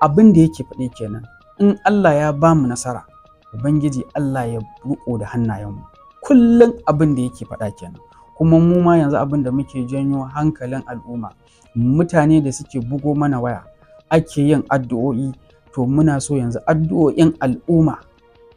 abin da yake faɗi kenan in Allah ya ba mu nasara ubangiji Allah ya buɗo da hannayenmu kullum abin da yake faɗa kenan kuma mu ma yanzu abin da muke janyo hankalin al'umma mutane da suke bugo mana waya ake yin addu'o'i to muna so yanzu addu'o'in al'umma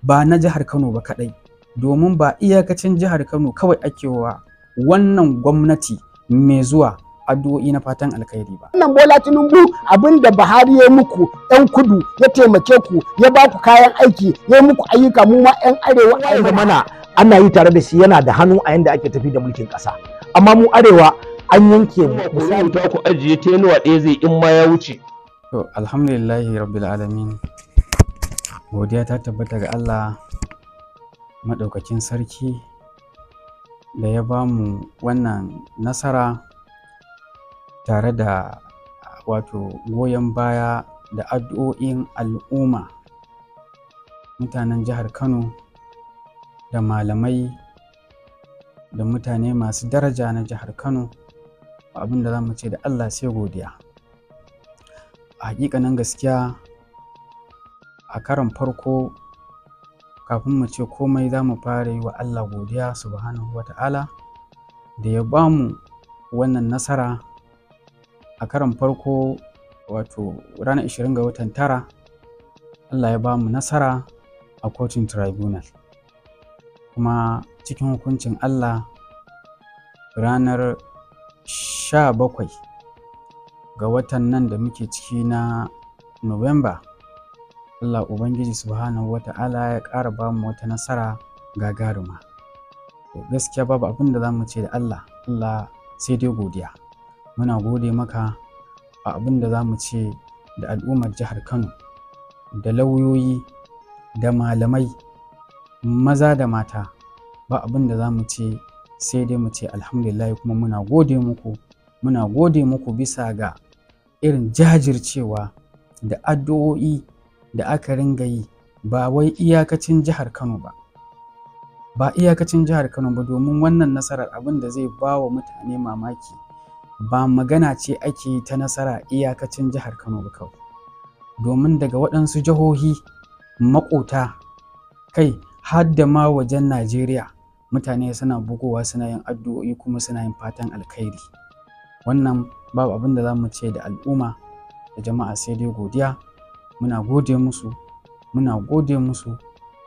ba na jihar Kano ba kaɗai domin ba iyakacin jihar Kano kawai ake wa wannan gwamnati mai zuwa addu'o'i na fatan alkhairi ba. Wannan Bola Tinubu abin da Buhari ya muku yan kudu ya taimake ku ya ba ku kayan aiki ya muku ayyuka mu ma yan arewa a mana ana yi tare da shi yana da hannu a yanda ake tafi da mulkin ƙasa. Amma mu arewa an yanke mu. Misali ta ku ajiye ta ɗaya zai in ma ya wuce. To alhamdulillahi rabbil alamin. Godiya ta tabbata ga Allah maɗaukakin sarki da ya ba mu wannan nasara tare da wato goyon baya da addu'o'in al'umma mutanen jihar kano da malamai da mutane masu daraja na jihar kano abin da za mu ce da allah sai godiya a nan gaskiya a karon farko kafin mu ce komai za mu fara yi wa allah godiya subhanahu wata'ala da ya ba mu wannan nasara a karon farko wato ranar 20 ga watan tara Allah ya ba mu nasara a kotun tribunal kuma cikin hukuncin Allah ranar 17 ga watan nan da muke ciki na Nuwamba Allah Ubangiji subhanahu wata'ala ya ƙara ba mu wata nasara gagaruma gaskiya babu abin da za mu ce da Allah Allah sai dai godiya muna gode maka a abin da za mu ce da al'ummar jihar kano da lauyoyi da malamai maza da mata ba abin da za mu ce sai dai mu ce alhamdulillah kuma muna gode muku muna gode muku bisa ga irin jajircewa da addu'o'i da aka ringa yi ba wai iyakacin jihar kano ba ba iyakacin jihar kano ba domin wannan nasarar abin da zai ba wa mutane mamaki ba magana ce ake yi ta nasara iyakacin jihar Kano ba kawai. Domin daga waɗansu jihohi maƙota kai har da ma wajen Najeriya mutane suna bugowa suna yin addu'o'i kuma suna yin fatan alkhairi. Wannan babu abin da za mu ce da al'umma da jama'a sai dai godiya muna gode musu muna gode musu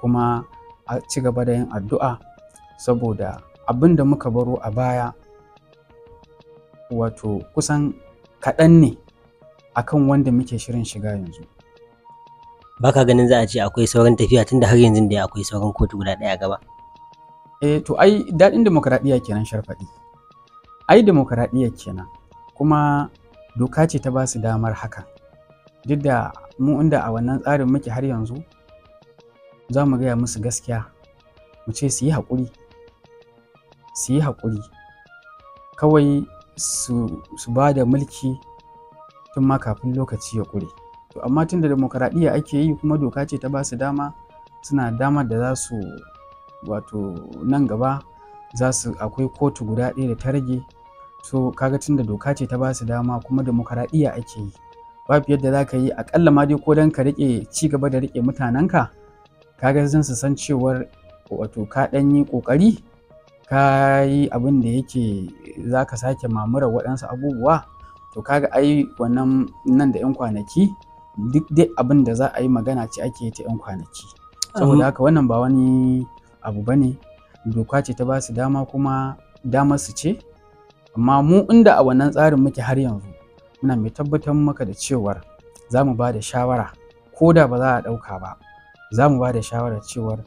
kuma a ci gaba da yin addu'a saboda abin da muka baro a baya wato kusan kaɗan ne akan wanda muke shirin shiga yanzu baka ganin za a ce akwai sauran tafiya tunda har yanzu da akwai sauran kotu guda ɗaya gaba eh to ai daɗin demokradiyya kenan sharfaɗi ai demokradiyya kenan kuma doka ce ta basu damar haka. duk da mu inda a wannan tsarin muke har yanzu za mu gaya musu gaskiya mu ce su yi haƙuri su yi haƙuri kawai su ba da mulki tun ma kafin lokaci ya ƙure to amma tun da demokaradiyya ake yi kuma doka ce ta ba su dama suna dama da za su wato nan gaba za su akwai kotu guda ɗaya da ta rage so kaga tun da doka ce ta ba su dama kuma demokaradiyya ake yi ba babu yadda za ka yi aƙalla ma dai ko don ka riƙe ci gaba da riƙe mutanenka kaga zan su san cewar wato ka ɗan yi ƙoƙari ka yi abin da yake za ka sake mamura waɗansu abubuwa to kaga ai wannan nan da 'yan kwanaki duk dai abin da za a yi magana ce ake ta 'yan kwanaki saboda haka wannan ba wani abu ba ne doka ce ta ba su dama kuma damar su ce amma mu inda a wannan tsarin muke har yanzu muna mai tabbatar maka da cewar za mu ba da shawara ko da ba za a ɗauka ba za mu ba da shawara cewar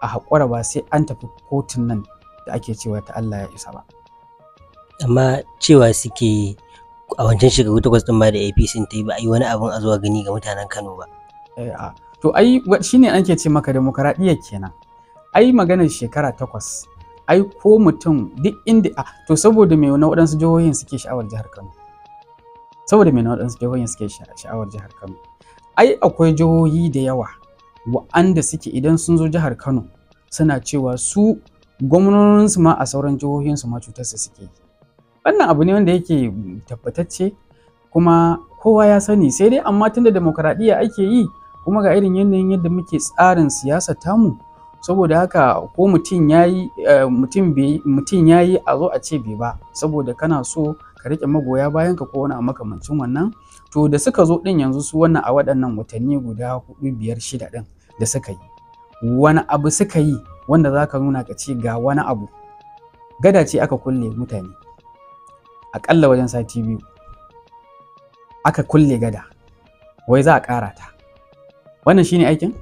a haƙura ba sai an tafi kotun nan da ake cewa ta Allah ya isa ba amma cewa suke a wancan shekaru takwas din ma da APC ta yi ba a yi wani abin a zuwa gani ga mutanen Kano ba eh, a to ai shine ake ce maka demokradiyya kenan ai maganar shekara takwas ai ko mutum duk inda a to saboda me na waɗansu jihohin suke sha'awar jihar Kano saboda me na waɗansu jihohin suke sha'awar jihar Kano ai akwai jihohi da yawa wa'anda suke idan sun zo jihar Kano suna cewa su su ma a sauran jihohin su ma cutarsa suke wannan abu ne wanda yake tabbatacce kuma kowa ya sani sai dai amma tunda demokaradiyya ake yi kuma ga irin yanayin yadda muke tsarin siyasa tamu saboda haka ko mutum yayi eh, mutum yi a zo a ce bai ba saboda kana so ka rike magoya bayan ka ko wani makamancin wannan to da suka zo din yanzu su wannan a waɗannan watanni guda hudu biyar shida din da suka yi wani abu suka yi wanda za ka nuna ka ce ga wani abu gada ce aka kulle mutane aƙalla wajen sati biyu aka kulle gada wai za a ƙara ta wannan shine aikin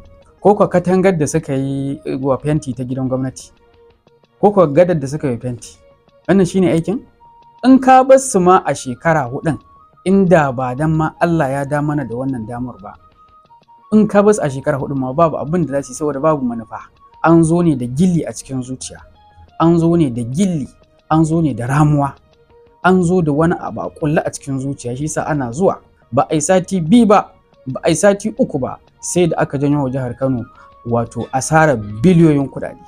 ko kwa katangar da suka yi eh, wa fenti ta gidan gwamnati ko kwa gadar da suka yi fenti wannan shine aikin in ka bar su ma a shekara hudun inda ba dan ma Allah ya da mana da wannan damar ba in ka bas a shekara hudu ma babu abin da za su yi saboda babu manufa an zo ne da gilli a cikin zuciya an zo ne da gilli an zo ne da ramuwa an zo da wani abu a kulla a cikin zuciya shi sa ana zuwa ba a yi sati biyu ba ba a yi sati uku ba sai da aka janyo wa jihar Kano wato asarar biliyoyin kuɗaɗe.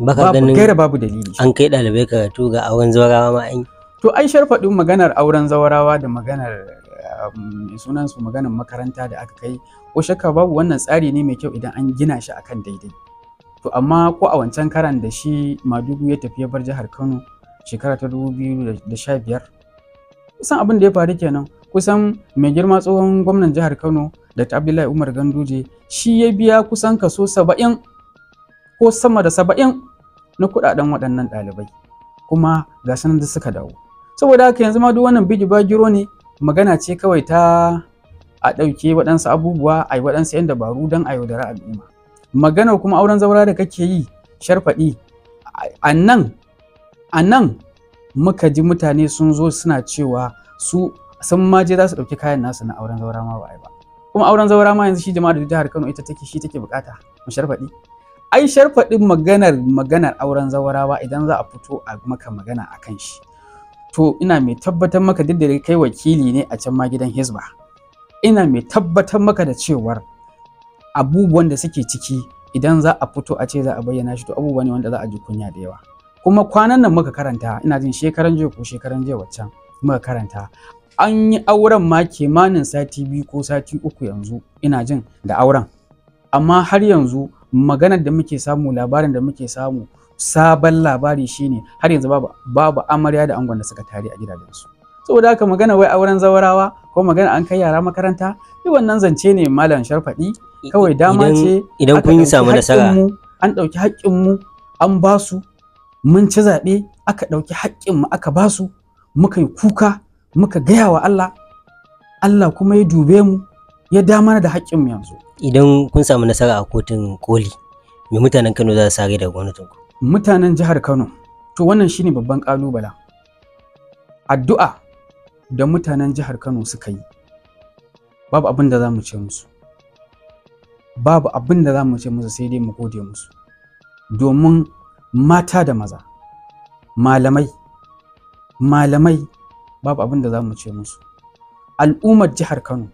Baka ganin gaira babu dalili. An kai ɗalibai karatu ga auren zawarawa ma an To sharfa sharfaɗin maganar auren zawarawa da maganar sunan su maganin makaranta da aka kai ko shakka babu wannan tsari ne mai kyau idan an gina shi akan daidai to amma ko a wancan karan da shi madugu ya tafi ya bar jihar kano shekara ta biyar? kusan abin da ya faru kenan kusan mai girma tsohon gwamnan jihar kano da abdullahi umar ganduje shi ya biya kusan kaso saba'in ko sama da saba'in na kudaden waɗannan ɗalibai kuma ga sanar da suka dawo saboda haka yanzu ma duk wannan bigi bagiro ne magana ce kawai ta a ɗauke waɗansu abubuwa a yi waɗansu 'yan dabaru don a yaudara al'umma maganar kuma auren zaura da kake yi sharfaɗi a nan muka ji mutane sun zo suna cewa su sun ma je za su ɗauki kayan nasu na auren zaura ma ba a yi ba kuma auren zaura ma yanzu shi jama'a da jihar Kano ita take shi take bukata mu sharfaɗi ai sharfaɗin maganar maganar auren zaura ba idan za a fito a maka magana a kan shi to ina mai tabbatar maka duk da kai wakili ne a can ma gidan hizba ina mai tabbatar maka da cewar abubuwan da suke ciki idan za a fito a ce za a bayyana shi to abubuwa ne wanda za a ji kunya da yawa kuma kwanan nan muka karanta ina jin shekaran jiya ko shekaran jiya waccan muka karanta an yi auren ma kimanin sati biyu ko sati uku yanzu ina jin da auren amma har yanzu maganar da muke samu labarin da muke samu sabon labari shine har yanzu babu amarya da angon da suka tare a gidajensu saboda haka magana wai auren zawarawa ko magana an kai yara makaranta duk wannan zance ne malam sharfadi kawai dama ce idan kun samu nasara an ɗauki haƙƙin mu an ba su mun ci zaɓe aka ɗauki haƙƙin mu aka ba su muka yi kuka muka gaya wa Allah Allah kuma ya dube mu ya dama da haƙƙin mu yanzu idan kun samu nasara a kotun koli me mutanen Kano za su sare daga gwamnatin ku mutanen jihar Kano to wannan shine babban ƙalubala addu'a da mutanen jihar Kano suka yi babu abin da za mu ce musu babu abin da za mu ce musu sai dai mu gode musu domin mata da maza malamai malamai babu abin da za mu ce musu al'ummar jihar Kano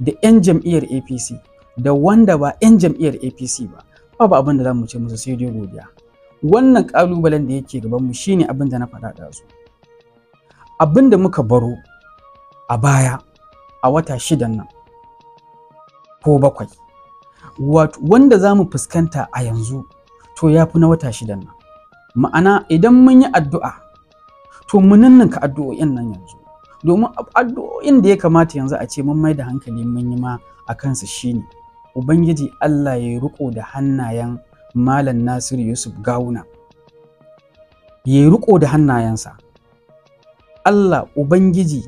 da 'yan jam'iyyar APC da wanda ba 'yan jam'iyyar APC ba babu abin da za mu ce musu sai dai godiya wannan ƙalubalen da yake gaban mu shine abin da na faɗa su. abin da muka baro a baya a wata shidan nan ko bakwai wanda zamu fuskanta a yanzu to ya fi na wata shidan nan ma'ana idan mun yi addu'a to mu ninninka addu'o'in nan yanzu domin addu'o'in da ya kamata yanzu a ce mun mai da hankali mun yi ma a kansu shine ubangiji allah ya riko da hannayen Malam Nasiru Yusuf Gawuna ya yi riko da hannayensa Allah Ubangiji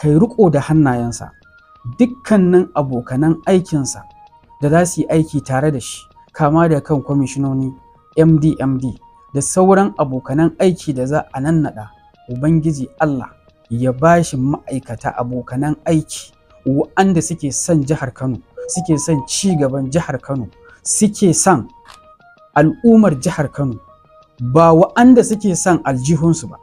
ka yi riko da hannayensa dukkanin abokanan aikinsa da za su yi aiki tare da shi kama da kan kwamishinoni MD-MD da sauran abokanan aiki da za a nannaɗa Ubangiji Allah ya ba shi ma'aikata abokanan aiki wa'anda suke son jihar Kano suke son ci gaban jihar Kano suke son al'ummar jihar Kano ba wa'anda suke son aljihunsu ba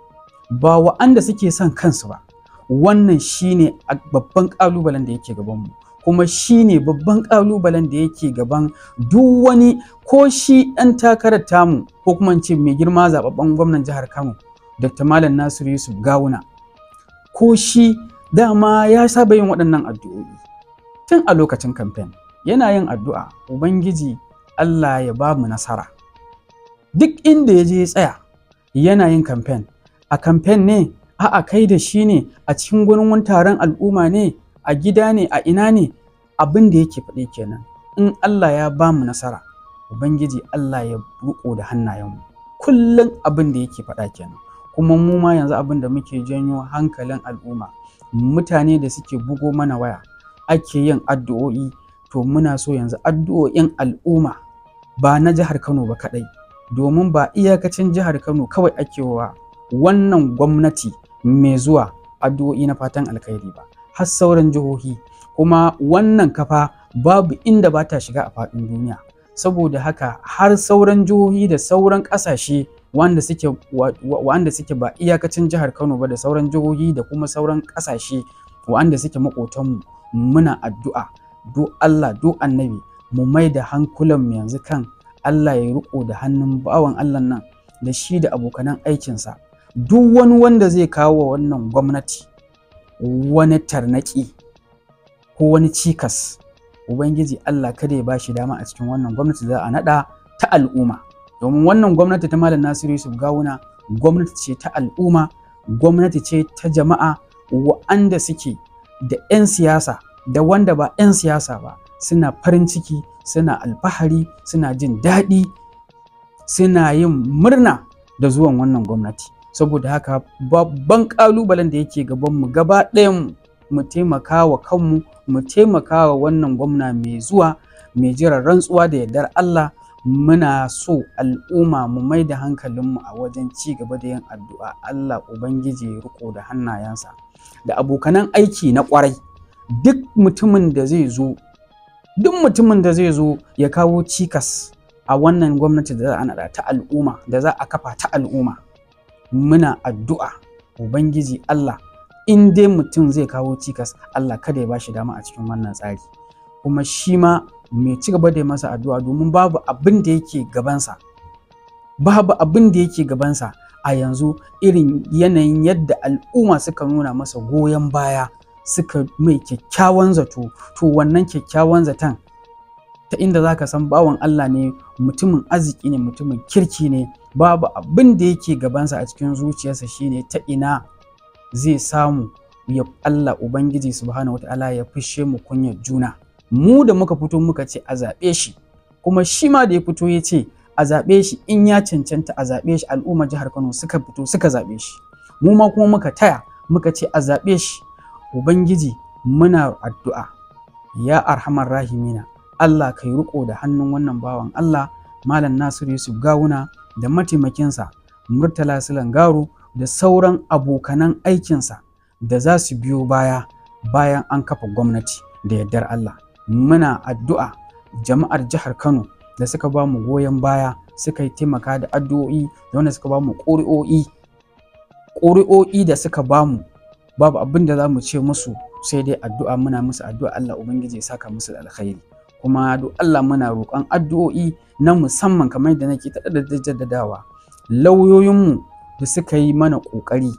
ba wa'anda suke son kansu ba wannan shine babban ƙalubalen da yake gabanmu kuma shine babban ƙalubalen da yake gaban duk wani ko shi ɗan takarar tamu ko kuma ce mai girma zaɓaɓɓen gwamnan jihar Kano Dr. Malam Nasir Yusuf Gawuna ko shi dama ya saba yin waɗannan addu'o'i tun a lokacin kamfen yana yin addu'a ubangiji Allah ya ba mu nasara duk inda ya je ya tsaya yana yin kamfen a kamfen ne a kai da shi ne a cikin gurin taron al'umma ne a gida ne a ina ne abin da yake faɗi kenan in Allah ya ba mu nasara ubangiji Allah ya buƙo da hannayenmu kullum abin da yake faɗa kenan kuma mu ma yanzu abin da muke janyo hankalin al'umma mutane da suke bugo mana waya ake yin addu'o'i to muna so yanzu addu'o'in al'umma ba na jihar Kano ba kaɗai, domin ba iyakacin jihar Kano kawai ake wa wannan gwamnati mai zuwa addu'o'i na fatan alkhairi ba, har sauran jihohi kuma wannan kafa babu inda ba ta shiga a faɗin duniya. Saboda haka har sauran jihohi da sauran ƙasashe wanda suke wanda suke ba iyakacin jihar Kano ba da sauran jihohi da kuma sauran ƙasashe wanda suke maƙotanmu muna addu'a do Allah do annabi mu mai da mu yanzu kan Allah ya riko da hannun bawan Allah nan da shi da abokanan aikinsa duk wani wanda zai kawo wannan gwamnati wani tarnaki ko wani cikas ubangiji Allah kada ya bashi dama a cikin wannan gwamnati za a nada ta al'umma domin wannan gwamnati ta malam Nasiru Yusuf Gawuna gwamnati ce ta al'umma gwamnati ce ta jama'a wa'anda suke da 'yan siyasa da wanda ba 'yan siyasa ba suna farin ciki suna alfahari suna jin daɗi suna yin murna da zuwan wannan gwamnati saboda haka babban ƙalubalen da yake gabanmu gaba ɗayan mu taimaka wa kanmu mu taimaka wa wannan gwamna mai zuwa mai jiran rantsuwa da yardar Allah muna so al'umma mu mai da hankalinmu a wajen ci gaba da yin addu'a Allah Ubangiji riko da hannayensa da abokanan aiki na kwarai duk mutumin da zai zo duk mutumin da zai zo ya kawo cikas a wannan gwamnati da za a naɗa ta al'umma da za a kafa ta al'umma muna addu'a ubangiji Allah in dai mutum zai kawo cikas Allah kada ya ba shi dama a cikin wannan tsari kuma shi ma mai ci gaba da masa addu'a domin babu abin da yake gabansa babu abin da yake gabansa a yanzu irin yanayin yadda al'umma suka nuna masa goyon baya suka mai kyakkyawan zato to wannan kyakkyawan zaton ta inda za ka san bawan Allah ne mutumin arziki ne mutumin kirki ne babu abin da yake gabansa a cikin zuciyarsa shine ta ina zai samu ya Allah Ubangiji subhanahu wataala ya fishe mu kunyar juna mu da muka fito muka ce a zaɓe shi kuma shi ma da ya fito ya ce a zaɓe shi in ya cancanta a zaɓe shi al'ummar jihar Kano suka fito suka zaɓe shi mu ma kuma muka taya muka ce a zaɓe shi Ubangiji muna addu'a, ya arhamar rahimina, Allah ka yi riko da hannun wannan bawan Allah, Malam Nasiru Yusuf Gawuna da mataimakinsa Murtala Silan da sauran abokanan aikinsa da za su biyo baya bayan an kafa gwamnati da yardar Allah. Muna addu'a jama'ar jihar Kano da suka ba mu goyon baya suka yi taimaka da addu'o'i da wanda suka ba mu ƙuri'o'i da suka ba mu babu abin da za mu ce musu sai dai addu'a muna musu addu'a Allah ubangiji ya saka musu da alkhairi kuma duk Allah muna roƙon addu'o'i na musamman kamar da nake ta da jaddadawa lauyoyinmu da suka yi mana ƙoƙari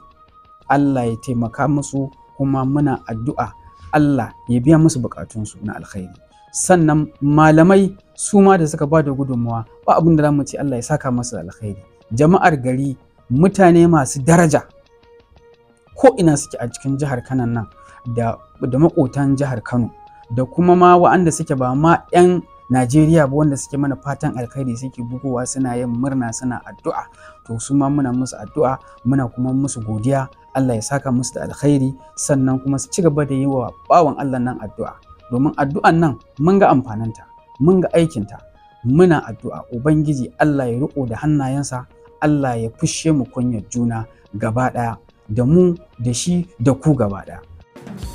Allah ya taimaka musu kuma muna addu'a Allah ya biya musu buƙatunsu na alkhairi sannan malamai su ma da suka ba da gudunmawa ba abin da za mu ce Allah ya saka musu da alkhairi jama'ar gari mutane masu daraja ko ina suke a cikin jihar Kano nan da da makotan jihar Kano da kuma ma wa'anda suke ba ma 'yan Najeriya ba wanda suke mana fatan alkhairi suke bugowa suna yin murna suna addu'a to su ma muna musu addu'a muna kuma musu godiya Allah ya saka musu da alkhairi sannan kuma su ci gaba da yi wa bawan Allah nan addu'a domin addu'an nan mun ga amfaninta mun ga aikinta muna addu'a ubangiji Allah ya riko da hannayensa Allah ya fushe mu kunyar juna gaba ɗaya da mu da shi da ku gaba ɗaya.